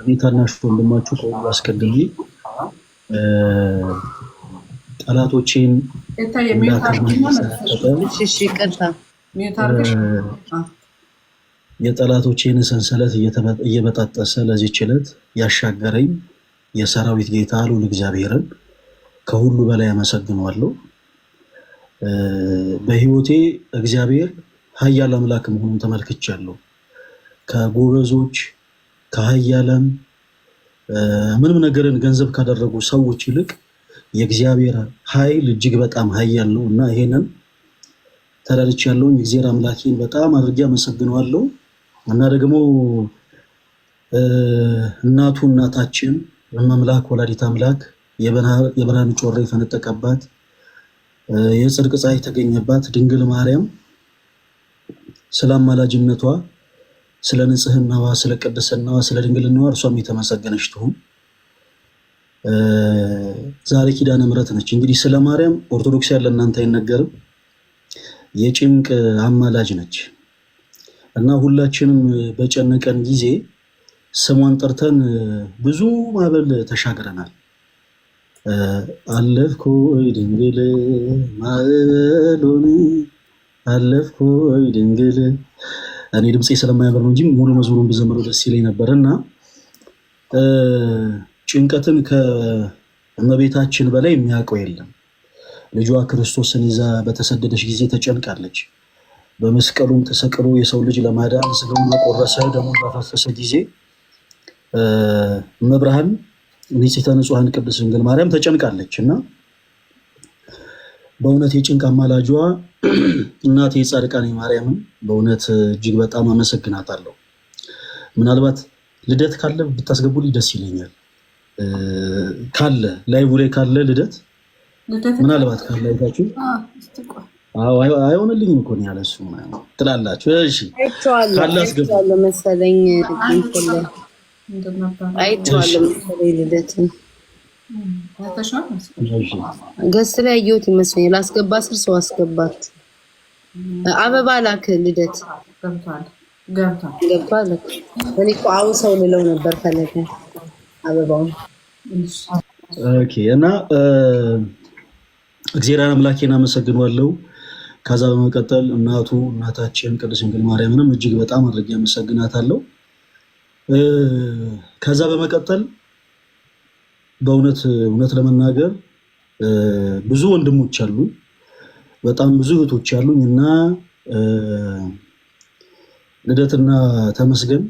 እኔ ታናሽ ወንድማችሁ ከሁሉ አስቀድሜ ጠላቶቼን የጠላቶቼን ሰንሰለት እየበጣጠሰ ለዚህ ችለት ያሻገረኝ የሰራዊት ጌታ ልዑል እግዚአብሔርን ከሁሉ በላይ አመሰግነዋለሁ። በህይወቴ እግዚአብሔር ኃያል አምላክ መሆኑን ተመልክቻለሁ። ከጎበዞች ከሀያላን ምንም ነገርን ገንዘብ ካደረጉ ሰዎች ይልቅ የእግዚአብሔር ኃይል እጅግ በጣም ኃያል ነው እና ይሄንን ተረድች ያለውን የእግዚአብሔር አምላኬን በጣም አድርጌ አመሰግነዋለሁ እና ደግሞ እናቱ እናታችን መምላክ ወላዲት አምላክ የብርሃን ጮራ የፈነጠቀባት የጽድቅ ፀሐይ የተገኘባት ድንግል ማርያም ስለ አማላጅነቷ ስለ ንጽህናዋ፣ ስለ ቅድስናዋ፣ ስለ ድንግልናዋ እርሷም የተመሰገነች ትሁን። ዛሬ ኪዳነ ምሕረት ነች። እንግዲህ ስለ ማርያም ኦርቶዶክስ ያለ እናንተ አይነገርም። የጭንቅ አማላጅ ነች እና ሁላችንም በጨነቀን ጊዜ ስሟን ጠርተን ብዙ ማዕበል ተሻግረናል። አለፍኮይ ድንግል ማዕበሉን አለፍኮይ ድንግል እኔ ድምፄ ስለማያበር ነው እንጂ ሙሉ መዝሙሩን ብዘምረው ደስ ይለኝ ነበር እና ጭንቀትን ከእመቤታችን በላይ የሚያውቀው የለም። ልጇ ክርስቶስን ይዛ በተሰደደች ጊዜ ተጨንቃለች። በመስቀሉም ተሰቅሎ የሰው ልጅ ለማዳን ስጋውን በቆረሰ ደሙን ባፈሰሰ ጊዜ መብርሃን ንጽሕተ ንጹሐን ቅድስት ድንግል ማርያም ተጨንቃለች እና በእውነት የጭንቅ አማላጇ እናቴ ጻድቃኔ ማርያምን በእውነት እጅግ በጣም አመሰግናታለሁ። ምናልባት ልደት ካለ ብታስገቡልኝ ደስ ይለኛል። ካለ ላይቭ ላይ ካለ ልደት ምናልባት ካለ አይታችሁ አይሆንልኝም እኮ ያለ እሱ ትላላችሁ። እሺ ካለ አስገቡ መሰለኝ አይቼዋለሁ መሰለኝ ልደትን ገስ ላይ ይመስለኛል። አስገባ ስር ሰው አስገባት። አበባ ላክ ልደት እኔ እኮ ሰው ልለው ነበር ፈለገ አበባውን እና እግዚአብሔር አምላኬን አመሰግናለሁ። ከዛ በመቀጠል እናቱ እናታችን ቅድስት ድንግል ማርያምንም እጅግ በጣም አድርጌ አመሰግናታለሁ። ከዛ በመቀጠል በእውነት እውነት ለመናገር ብዙ ወንድሞች አሉ። በጣም ብዙ እህቶች አሉኝ እና ልደትና ተመስገን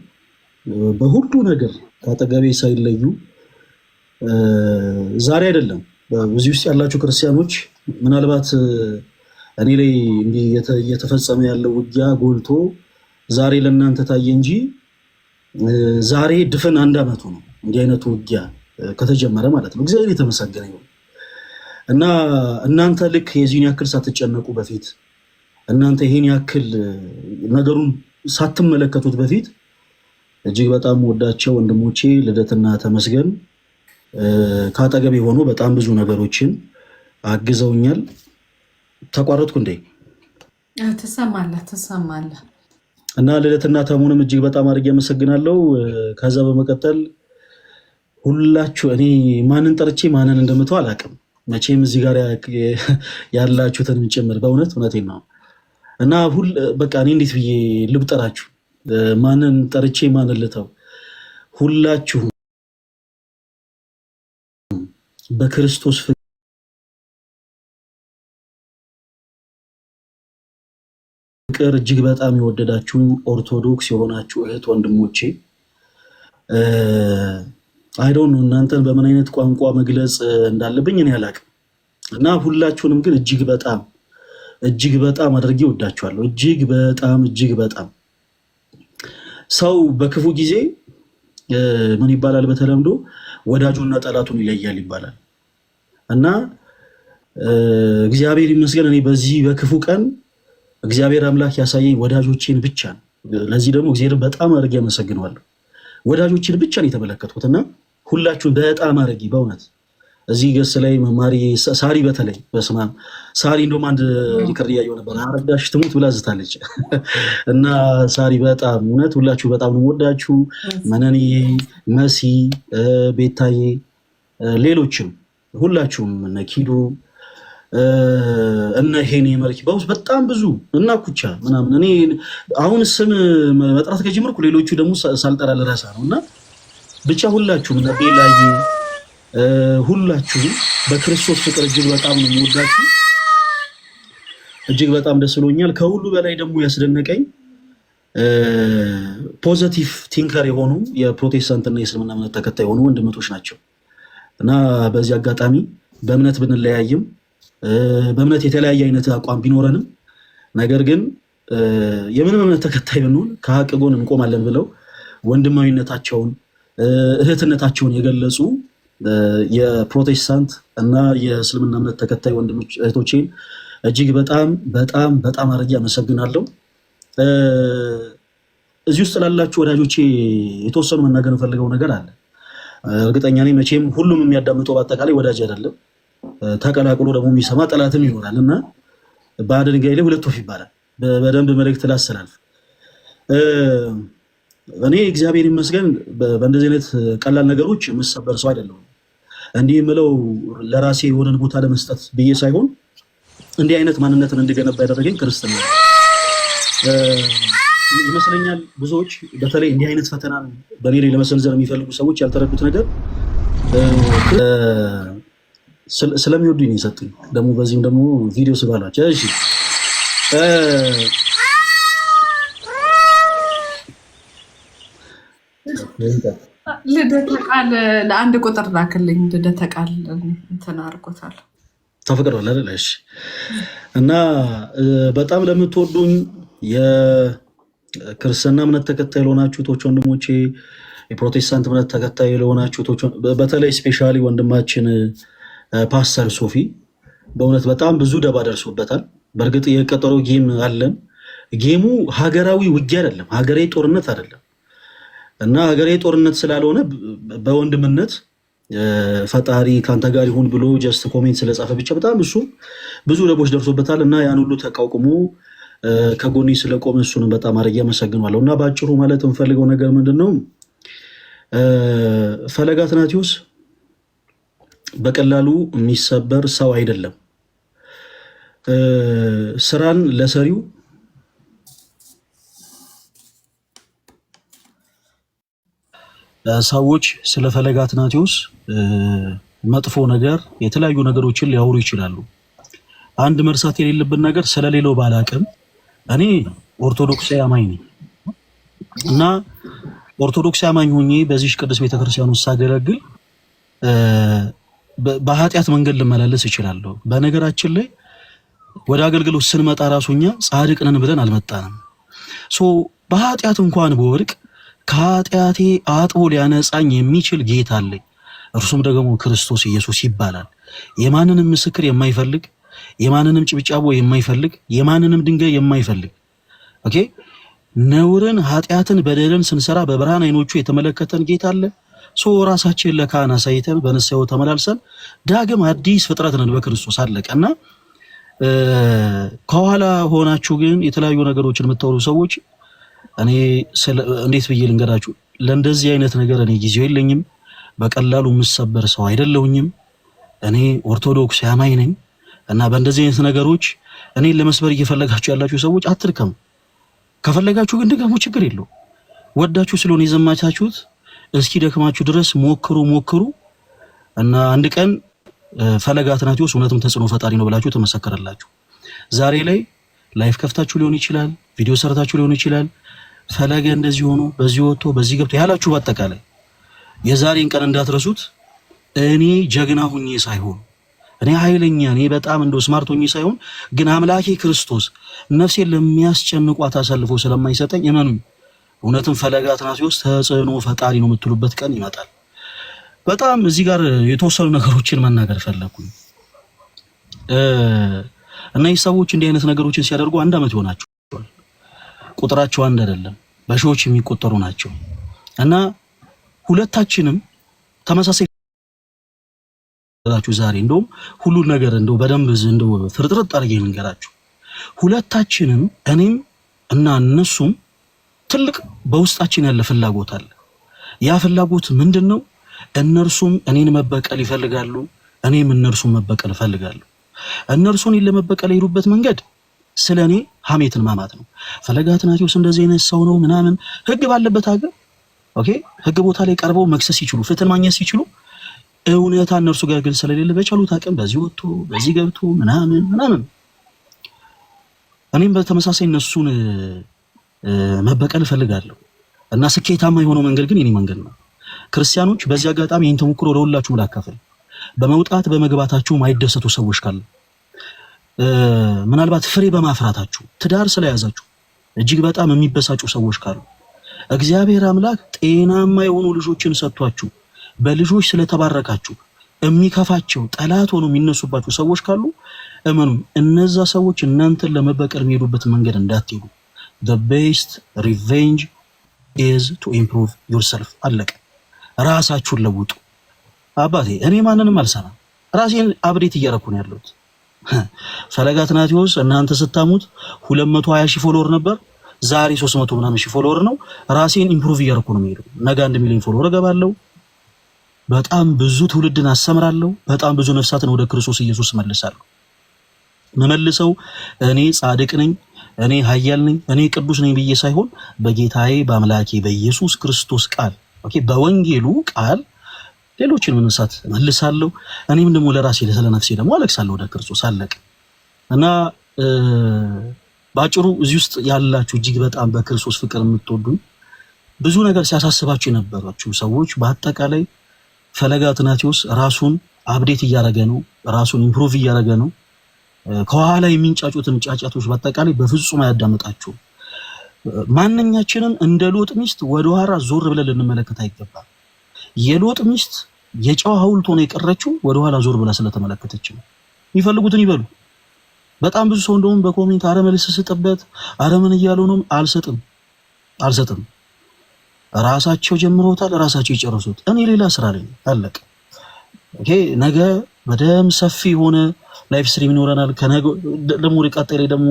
በሁሉ ነገር ከአጠገቤ ሳይለዩ ዛሬ አይደለም። በዚህ ውስጥ ያላችሁ ክርስቲያኖች ምናልባት እኔ ላይ እየተፈጸመ ያለው ውጊያ ጎልቶ ዛሬ ለእናንተ ታየ እንጂ ዛሬ ድፍን አንድ ዓመቱ ነው እንዲህ አይነቱ ውጊያ ከተጀመረ ማለት ነው። እግዚአብሔር የተመሰገነ ይሁን እና እናንተ ልክ የዚህን ያክል ሳትጨነቁ በፊት እናንተ ይህን ያክል ነገሩን ሳትመለከቱት በፊት እጅግ በጣም ወዳቸው ወንድሞቼ ልደትና ተመስገን ከአጠገብ የሆኑ በጣም ብዙ ነገሮችን አግዘውኛል። ተቋረጥኩ እንዴ? ትሰማለህ ትሰማለህ። እና ልደትና ተሙንም እጅግ በጣም አድርጌ አመሰግናለሁ። ከዛ በመቀጠል ሁላችሁ እኔ ማንን ጠርቼ ማንን እንደምተው አላውቅም። መቼም እዚህ ጋር ያላችሁትን ጭምር በእውነት እውነቴን ነው እና በቃ እኔ እንዴት ብዬ ልብጠራችሁ? ማንን ጠርቼ ማንን ልተው? ሁላችሁ በክርስቶስ ፍቅር እጅግ በጣም የወደዳችሁ ኦርቶዶክስ የሆናችሁ እህት ወንድሞቼ አይደውን ነው እናንተን በምን አይነት ቋንቋ መግለጽ እንዳለብኝ እኔ አላቅም። እና ሁላችሁንም ግን እጅግ በጣም እጅግ በጣም አድርጌ ወዳችኋለሁ። እጅግ በጣም እጅግ በጣም ሰው በክፉ ጊዜ ምን ይባላል? በተለምዶ ወዳጁና ጠላቱን ይለያል ይባላል እና እግዚአብሔር ይመስገን እኔ በዚህ በክፉ ቀን እግዚአብሔር አምላክ ያሳየኝ ወዳጆቼን ብቻ ነው። ለዚህ ደግሞ እግዚአብሔር በጣም አድርጌ አመሰግነዋለሁ። ወዳጆችን ብቻ ነው የተመለከትኩት እና ሁላችሁም በጣም አረጊ በእውነት እዚህ ገስ ላይ መማሪ ሳሪ በተለይ በስማ ሳሪ እንደውም አንድ ምክር እያየሁ ነበር። አረጋሽ ትሙት ብላ ዝታለች እና ሳሪ በጣም እውነት ሁላችሁ በጣም ነው ወዳችሁ። መነንዬ፣ መሲ፣ ቤታዬ፣ ሌሎችም ሁላችሁም እነ ኪዱ እነ ሄኔ መልክ በውስጥ በጣም ብዙ እና ኩቻ ምናምን እኔ አሁን ስም መጥራት ከጀመርኩ ሌሎቹ ደግሞ ሳልጠራ ልረሳ ነው እና ብቻ ሁላችሁም ነጤ ላይ ሁላችሁም በክርስቶስ ፍቅር እጅግ በጣም ነው የምወዳችሁ። እጅግ በጣም ደስ ብሎኛል። ከሁሉ በላይ ደግሞ ያስደነቀኝ ፖዘቲቭ ቲንከር የሆኑ የፕሮቴስታንትና የእስልምና እምነት ተከታይ የሆኑ ወንድመቶች ናቸው እና በዚህ አጋጣሚ በእምነት ብንለያይም በእምነት የተለያየ አይነት አቋም ቢኖረንም ነገር ግን የምንም እምነት ተከታይ ብንሆን ከሀቅ ጎን እንቆማለን ብለው ወንድማዊነታቸውን እህትነታቸውን የገለጹ የፕሮቴስታንት እና የእስልምና እምነት ተከታይ ወንድሞች እህቶቼን እጅግ በጣም በጣም በጣም አድርጌ አመሰግናለሁ። እዚህ ውስጥ ላላችሁ ወዳጆቼ የተወሰኑ መናገር እንፈልገው ነገር አለ። እርግጠኛ ነኝ መቼም ሁሉም የሚያዳምጠው በአጠቃላይ ወዳጅ አይደለም። ተቀላቅሎ ደግሞ የሚሰማ ጠላትም ይኖራል እና በአንድ ድንጋይ ላይ ሁለት ወፍ ይባላል። በደንብ መልእክት ላስተላልፍ። እኔ እግዚአብሔር ይመስገን በእንደዚህ አይነት ቀላል ነገሮች የምሰበር ሰው አይደለሁም እንዲህ የምለው ለራሴ የሆነን ቦታ ለመስጠት ብዬ ሳይሆን እንዲህ አይነት ማንነትን እንድገነባ ያደረገኝ ክርስትና ይመስለኛል። ብዙዎች በተለይ እንዲህ አይነት ፈተና በእኔ ላይ ለመሰንዘር የሚፈልጉ ሰዎች ያልተረዱት ነገር ስለሚወዱኝ የሰጡኝ። ደግሞ በዚህም ደግሞ ቪዲዮ ስባላቸው እሺ ልደተ ቃል ለአንድ ቁጥር ላክልኝ። ልደተ ቃል እንትን አድርጎታል ተፈቅዷል አይደል? እና በጣም ለምትወዱኝ የክርስትና እምነት ተከታይ ለሆናችሁ ቶች ወንድሞቼ፣ የፕሮቴስታንት እምነት ተከታይ ለሆናችሁ ቶች በተለይ ስፔሻሊ ወንድማችን ፓስተር ሶፊ በእውነት በጣም ብዙ ደባ ደርሶበታል። በእርግጥ የቀጠሮ ጌም አለን። ጌሙ ሀገራዊ ውጊ አይደለም፣ ሀገሬ ጦርነት አይደለም። እና ሀገሬ ጦርነት ስላልሆነ በወንድምነት ፈጣሪ ከአንተ ጋር ይሁን ብሎ ጀስት ኮሜንት ስለጻፈ ብቻ በጣም እሱ ብዙ ደቦች ደርሶበታል እና ያን ሁሉ ተቋቁሞ ከጎኒ ስለቆመ እሱንም በጣም አድርጌ አመሰግናለሁ። እና በአጭሩ ማለት የምፈልገው ነገር ምንድን ነው፣ ፈለገ አትናትዮስ በቀላሉ የሚሰበር ሰው አይደለም። ስራን ለሰሪው ሰዎች ስለ ፈለገ አትናቴዎስ መጥፎ ነገር የተለያዩ ነገሮችን ሊያወሩ ይችላሉ። አንድ መርሳት የሌለብን ነገር ስለሌለው ባላቅም እኔ ኦርቶዶክስ አማኝ ነኝ እና ኦርቶዶክስ አማኝ ሆኜ በዚህ ቅዱስ ቤተክርስቲያን ውስጥ ሳገለግል በኃጢአት መንገድ ልመላለስ እችላለሁ። በነገራችን ላይ ወደ አገልግሎት ስንመጣ ራሱኛ ጻድቅ ነን ብለን አልመጣንም። ሶ በኃጢአት እንኳን በወርቅ ከኃጢአቴ አጥቦ ሊያነጻኝ የሚችል ጌታ አለኝ፣ እርሱም ደግሞ ክርስቶስ ኢየሱስ ይባላል። የማንንም ምስክር የማይፈልግ የማንንም ጭብጫቦ የማይፈልግ የማንንም ድንጋይ የማይፈልግ ኦኬ ነውርን፣ ኃጢአትን፣ በደልን ስንሰራ በብርሃን አይኖቹ የተመለከተን ጌታ አለ። ሶ ራሳችን ለካህን አሳይተን በንስሐው ተመላልሰን ዳግም አዲስ ፍጥረት ነን በክርስቶስ እና ከኋላ ሆናችሁ ግን የተለያዩ ነገሮችን የምታወሩ ሰዎች እኔ እንዴት ብዬ ልንገራችሁ፣ ለእንደዚህ አይነት ነገር እኔ ጊዜው የለኝም። በቀላሉ የምሰበር ሰው አይደለሁኝም። እኔ ኦርቶዶክስ ያማኝ ነኝ እና በእንደዚህ አይነት ነገሮች እኔን ለመስበር እየፈለጋችሁ ያላችሁ ሰዎች አትድከሙ። ከፈለጋችሁ ግን ድገሙ፣ ችግር የለው። ወዳችሁ ስለሆነ የዘማቻችሁት እስኪ ደክማችሁ ድረስ ሞክሩ ሞክሩ እና አንድ ቀን ፈለገ አትናትዮስ እውነትም ተጽዕኖ ፈጣሪ ነው ብላችሁ ተመሰከረላችሁ። ዛሬ ላይ ላይፍ ከፍታችሁ ሊሆን ይችላል፣ ቪዲዮ ሰርታችሁ ሊሆን ይችላል ፈለገ እንደዚህ ሆኖ በዚህ ወጥቶ በዚህ ገብቶ ያላችሁ በአጠቃላይ የዛሬን ቀን እንዳትረሱት። እኔ ጀግና ሁኜ ሳይሆን እኔ ኃይለኛ እኔ በጣም እንደ ስማርት ሆኜ ሳይሆን ግን አምላኬ ክርስቶስ ነፍሴን ለሚያስጨንቋት አሳልፎ ስለማይሰጠኝ እመኑ። እውነትም ፈለገ አትናትዮስ ተጽዕኖ ፈጣሪ ነው የምትሉበት ቀን ይመጣል። በጣም እዚህ ጋር የተወሰኑ ነገሮችን መናገር ፈለግኩኝ። እነዚህ ሰዎች እንዲህ አይነት ነገሮችን ሲያደርጉ አንድ አመት ይሆናቸው ቁጥራቸው አንድ አይደለም፣ በሺዎች የሚቆጠሩ ናቸው እና ሁለታችንም ተመሳሳይ ላችሁ ዛሬ እንደውም ሁሉን ነገር እንደው በደንብ እንደው ፍርጥርጥ አድርጌ ልንገራችሁ። ሁለታችንም እኔም እና እነሱም ትልቅ በውስጣችን ያለ ፍላጎት አለ። ያ ፍላጎት ምንድን ነው? እነርሱም እኔን መበቀል ይፈልጋሉ፣ እኔም እነርሱን መበቀል እፈልጋለሁ። እነርሱን ለመበቀል የሄዱበት መንገድ ስለ እኔ ሀሜትን ማማት ነው። ፈለገ አትናቴዎስ እንደዚህ አይነት ሰው ነው ምናምን ህግ ባለበት ሀገር ኦኬ፣ ህግ ቦታ ላይ ቀርበው መክሰስ ሲችሉ ፍትህን ማግኘት ሲችሉ እውነታ እነርሱ ጋር ግን ስለሌለ በቻሉት አቅም በዚህ ወጥቶ በዚህ ገብቶ ምናምን ምናምን እኔም በተመሳሳይ እነሱን መበቀል እፈልጋለሁ እና ስኬታማ የሆነው መንገድ ግን የኔ መንገድ ነው። ክርስቲያኖች፣ በዚህ አጋጣሚ ይህን ተሞክሮ ለሁላችሁም ላካፍል። በመውጣት በመግባታችሁ ማይደሰቱ ሰዎች ካሉ ምናልባት ፍሬ በማፍራታችሁ ትዳር ስለያዛችሁ እጅግ በጣም የሚበሳጩ ሰዎች ካሉ እግዚአብሔር አምላክ ጤናማ የሆኑ ልጆችን ሰጥቷችሁ በልጆች ስለተባረካችሁ የሚከፋቸው ጠላት ሆኖ የሚነሱባችሁ ሰዎች ካሉ እመኑ፣ እነዛ ሰዎች እናንተን ለመበቀል የሚሄዱበት መንገድ እንዳትሄዱ። ቤስት best revenge is to improve yourself። አለቀ። ራሳችሁን ለውጡ። አባቴ እኔ ማንንም አልሰራም። ራሴን አብዴት እያረኩ ነው ያለሁት። ፈለገ አትናቴዎስ እናንተ ስታሙት 220 ሺህ ፎሎወር ነበር። ዛሬ 300 ምናምን ሺህ ፎሎወር ነው። ራሴን ኢምፕሩቭ እያደረኩ ነው የምሄደው። ነገ አንድ ሚሊዮን ፎሎወር እገባለሁ። በጣም ብዙ ትውልድን አሰምራለሁ። በጣም ብዙ ነፍሳትን ወደ ክርስቶስ ኢየሱስ መልሳለሁ። መመልሰው እኔ ጻድቅ ነኝ፣ እኔ ኃያል ነኝ፣ እኔ ቅዱስ ነኝ ብዬ ሳይሆን በጌታዬ በአምላኬ በኢየሱስ ክርስቶስ ቃል ኦኬ፣ በወንጌሉ ቃል ሌሎችን መነሳት መልሳለሁ። እኔም ደግሞ ለራሴ ስለ ነፍሴ ደግሞ አለቅሳለሁ ወደ ክርስቶስ አለቅ እና በአጭሩ እዚህ ውስጥ ያላችሁ እጅግ በጣም በክርስቶስ ፍቅር የምትወዱኝ ብዙ ነገር ሲያሳስባችሁ የነበራችሁ ሰዎች በአጠቃላይ ፈለገ አትናቴዎስ ራሱን አብዴት እያደረገ ነው። ራሱን ኢምፕሩቭ እያደረገ ነው። ከኋላ የሚንጫጩትን ጫጫቶች በአጠቃላይ በፍጹም አያዳምጣችሁም። ማንኛችንም እንደ ሎጥ ሚስት ወደ ዞር ብለን ልንመለከት አይገባም። የሎጥ ሚስት የጨዋ ሐውልት ሆነ የቀረችው ወደኋላ ዞር ብላ ስለተመለከተች ነው። የሚፈልጉትን ይበሉ። በጣም ብዙ ሰው እንደውም በኮሜንት አረመን ስስጥበት አረመን እያሉ ነው። አልሰጥም አልሰጥም። ራሳቸው ጀምሮታል፣ ራሳቸው ይጨርሱት። እኔ ሌላ ስራ ላይ አለቀ። ይሄ ነገ በደም ሰፊ የሆነ ላይፍ ስትሪም ይኖረናል። ከነገ ደግሞ ወደ ላይ ደግሞ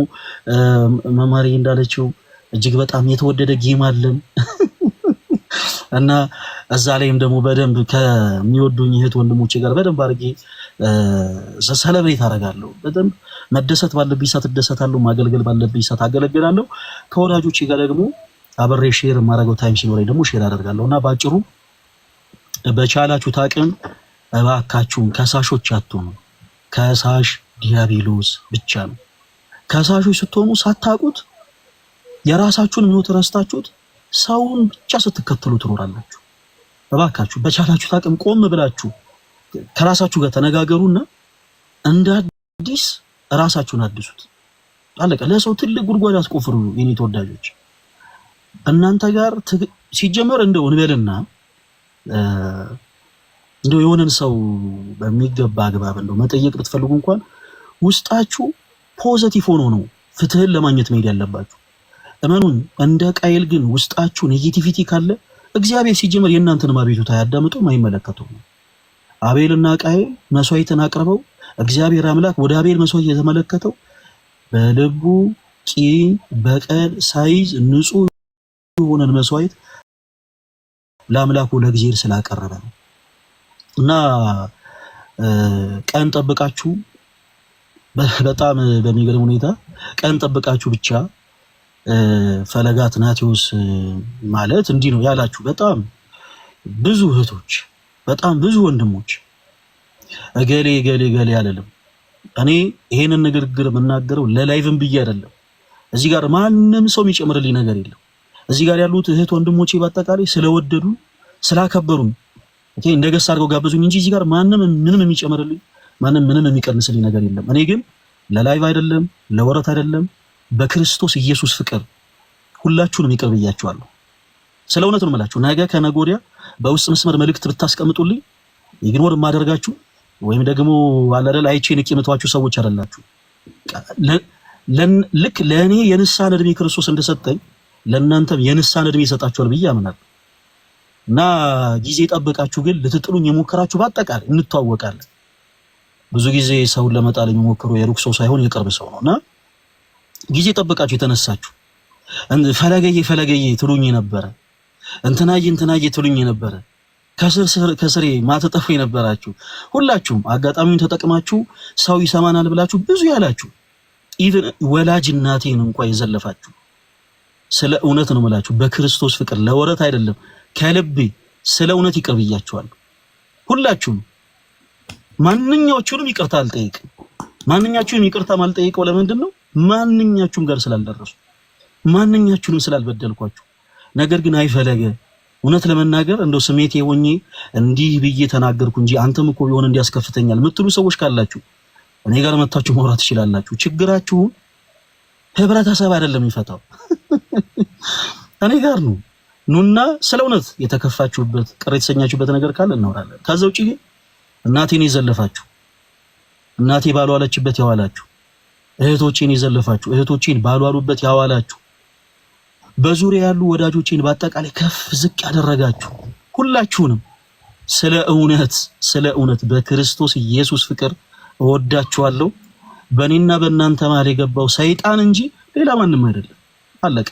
መማሪ እንዳለችው እጅግ በጣም የተወደደ ጌም አለን። እና እዛ ላይም ደግሞ በደንብ ከሚወዱኝ እህት ወንድሞቼ ጋር በደንብ አድርጌ ሰለብሬት አደርጋለሁ። በደንብ መደሰት ባለብኝ ሰዓት እደሰታለሁ፣ ማገልገል ባለብኝ ሰዓት አገለግላለሁ። ከወዳጆቼ ጋር ደግሞ አብሬ ሼር የማደርገው ታይም ሲኖረኝ ደግሞ ሼር አደርጋለሁ እና በአጭሩ በቻላችሁ ታቅም እባካችሁን ከሳሾች አትሆኑ። ከሳሽ ዲያቢሎስ ብቻ ነው። ከሳሾች ስትሆኑ ሳታውቁት የራሳችሁን ሕይወት ረስታችሁት ሰውን ብቻ ስትከተሉ ትኖራላችሁ። እባካችሁ በቻላችሁ ታቅም ቆም ብላችሁ ከራሳችሁ ጋር ተነጋገሩና እንደ አዲስ ራሳችሁን አድሱት። አለቀ። ለሰው ትልቅ ጉድጓድ አትቆፍሩ የኔ ተወዳጆች። እናንተ ጋር ሲጀመር እንደው እንበልና እንደው የሆነን ሰው በሚገባ አግባብ እንደው መጠየቅ ብትፈልጉ እንኳን ውስጣችሁ ፖዘቲቭ ሆኖ ነው ፍትህን ለማግኘት መሄድ ያለባችሁ። እመኑን፣ እንደ ቃየል ግን ውስጣችሁ ኔጌቲቪቲ ካለ እግዚአብሔር ሲጀምር የእናንተንም አቤቱታ አያዳምጡም፣ አይመለከተውም አቤልና ቃየል መስዋዕትን አቅርበው እግዚአብሔር አምላክ ወደ አቤል መስዋዕት የተመለከተው በልቡ ቂም በቀል ሳይዝ ንጹህ የሆነን መስዋዕት ለአምላኩ ለእግዚአብሔር ስላቀረበ ነው። እና ቀን ጠብቃችሁ በጣም በሚገርም ሁኔታ ቀን ጠብቃችሁ ብቻ ፈለገ አትናቴዎስ ማለት እንዲህ ነው ያላችሁ በጣም ብዙ እህቶች፣ በጣም ብዙ ወንድሞች እገሌ እገሌ እገሌ አለልም። እኔ ይሄንን ንግግር የምናገረው ለላይቭም ብዬ አይደለም። እዚህ ጋር ማንም ሰው የሚጨምርልኝ ነገር የለም። እዚህ ጋር ያሉት እህት ወንድሞቼ በአጠቃላይ ስለወደዱ ስላከበሩኝ እንደ አድርገው ጋበዙኝ እንጂ እዚህ ጋር ማንም ምንም የሚጨምርልኝ ማንም ምንም የሚቀንስልኝ ነገር የለም። እኔ ግን ለላይቭ አይደለም ለወረት አይደለም በክርስቶስ ኢየሱስ ፍቅር ሁላችሁንም ይቅር ብያችኋለሁ። ስለ እውነት ነው የምላችሁ። ነገ ከነገ ወዲያ በውስጥ መስመር መልእክት ብታስቀምጡልኝ ኢግኖር የማደርጋችሁ ወይም ደግሞ አላደል አይቼ ንቄ የምተዋችሁ ሰዎች አይደላችሁ። ልክ ለእኔ የንሳን እድሜ ክርስቶስ እንደሰጠኝ ለእናንተም የንስሐን እድሜ ይሰጣችኋል ብዬ አምናል። እና ጊዜ ጠብቃችሁ ግን ልትጥሉኝ የሞከራችሁ በአጠቃላይ እንተዋወቃለን። ብዙ ጊዜ ሰውን ለመጣል የሚሞክሩ የሩቅ ሰው ሳይሆን የቅርብ ሰው ነው እና ጊዜ ጠብቃችሁ የተነሳችሁ ፈለገዬ ፈለገዬ ትሉኝ ነበረ፣ እንትናዬ እንትናዬ ትሉኝ ነበረ። ከስር ከስሬ ማተጠፉ የነበራችሁ ሁላችሁም አጋጣሚውን ተጠቅማችሁ ሰው ይሰማናል ብላችሁ ብዙ ያላችሁ ኢቭን ወላጅ እናቴን እንኳ የዘለፋችሁ ስለ እውነት ነው የምላችሁ። በክርስቶስ ፍቅር ለወረት አይደለም ከልቤ ስለ እውነት ይቅርብያችኋል። ሁላችሁም ማንኛዎቹንም ይቅርታ አልጠይቅም። ማንኛችሁንም ይቅርታ ማልጠይቀው ለምንድን ነው? ማንኛችሁም ጋር ስላልደረሱ ማንኛችሁንም ስላልበደልኳችሁ፣ ነገር ግን አይፈለገ እውነት ለመናገር እንደው ስሜቴ ሆኜ እንዲህ ብዬ ተናገርኩ እንጂ አንተም እኮ ቢሆን እንዲያስከፍተኛል ምትሉ ሰዎች ካላችሁ እኔ ጋር መታችሁ ማውራት ትችላላችሁ። ችግራችሁን ህብረተሰብ አይደለም የሚፈታው እኔ ጋር ነው። ኑና ስለ እውነት የተከፋችሁበት ቅር የተሰኛችሁበት ነገር ካለ እናወራለን። ከዛ ውጭ እናቴን የዘለፋችሁ እናቴ ባሏለችበት ያዋላችሁ እህቶቼን የዘለፋችሁ እህቶቼን ባሏሉበት ያዋላችሁ በዙሪያ ያሉ ወዳጆቼን በአጠቃላይ ከፍ ዝቅ ያደረጋችሁ ሁላችሁንም ስለ እውነት ስለ እውነት በክርስቶስ ኢየሱስ ፍቅር እወዳችኋለሁ። በእኔና በእናንተ መሃል የገባው ሰይጣን እንጂ ሌላ ማንም አይደለም። አለቀ።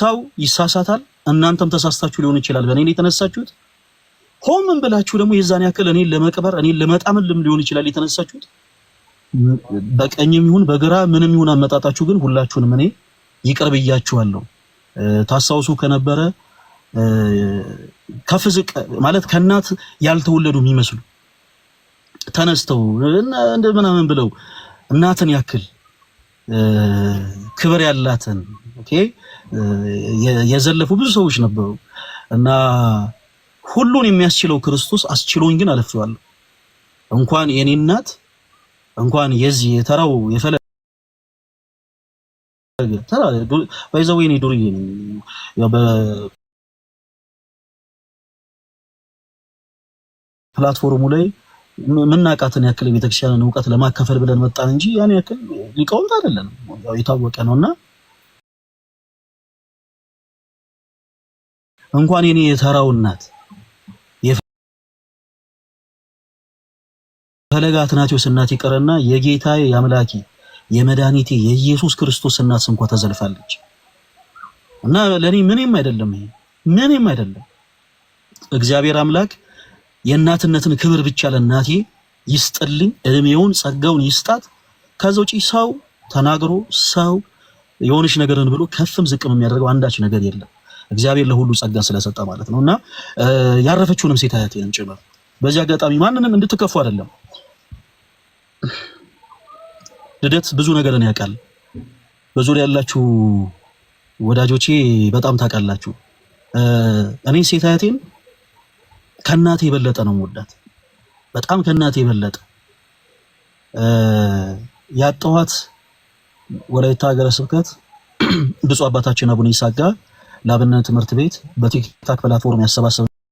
ሰው ይሳሳታል። እናንተም ተሳስታችሁ ሊሆን ይችላል። በእኔ የተነሳችሁት ሆምን ብላችሁ ደግሞ የዛን ያክል እኔን ለመቅበር እኔን ለመጣምልም ሊሆን ይችላል የተነሳችሁት በቀኝም ይሁን በግራ ምንም ይሁን አመጣጣችሁ ግን ሁላችሁንም እኔ ይቅር ብያችኋለሁ። ታስታውሱ ከነበረ ከፍዝቅ ማለት ከእናት ያልተወለዱ የሚመስሉ ተነስተው እንደ ምናምን ብለው እናትን ያክል ክብር ያላትን ኦኬ የዘለፉ ብዙ ሰዎች ነበሩ እና ሁሉን የሚያስችለው ክርስቶስ አስችሎኝ ግን አለፍዋለሁ። እንኳን የኔ እናት እንኳን የዚህ የተራው የፈለገ ተራ ባይዘው እኔ ዱርዬ ነኝ። ያው በፕላትፎርሙ ላይ ምናቃትን ያክል ቤተክርስቲያንን እውቀት ለማካፈል ብለን መጣን እንጂ ያን ያክል ሊቃውንት አይደለንም። ያው የታወቀ ነውና እንኳን የኔ የተራው እናት የፈለገ አትናቴዎስ እናት ይቀርና የጌታዬ የአምላኬ የመድኃኒቴ የኢየሱስ ክርስቶስ እናት እንኳ ተዘልፋለች እና ለኔ ምንም አይደለም፣ ይሄ ምንም አይደለም። እግዚአብሔር አምላክ የእናትነትን ክብር ብቻ ለእናቴ ይስጥልኝ፣ እድሜውን ጸጋውን ይስጣት። ከዛ ውጪ ሰው ተናግሮ ሰው የሆነች ነገርን ብሎ ከፍም ዝቅም የሚያደርገው አንዳች ነገር የለም። እግዚአብሔር ለሁሉ ጸጋ ስለሰጠ ማለት ነው እና ያረፈችውንም ሴት አያቴንም ጭምር በዚህ አጋጣሚ ማንንም እንድትከፉ አይደለም ልደት ብዙ ነገርን ያውቃል። በዙሪያ ያላችሁ ወዳጆቼ በጣም ታውቃላችሁ። እኔ ሴት አያቴን ከእናቴ የበለጠ ነው የምወዳት፣ በጣም ከእናቴ የበለጠ ያጣዋት ወላይታ ሀገረ ስብከት ብፁዕ አባታችን አቡነ ይሳጋ ለአብነት ትምህርት ቤት በቲክታክ ፕላትፎርም ያሰባሰብ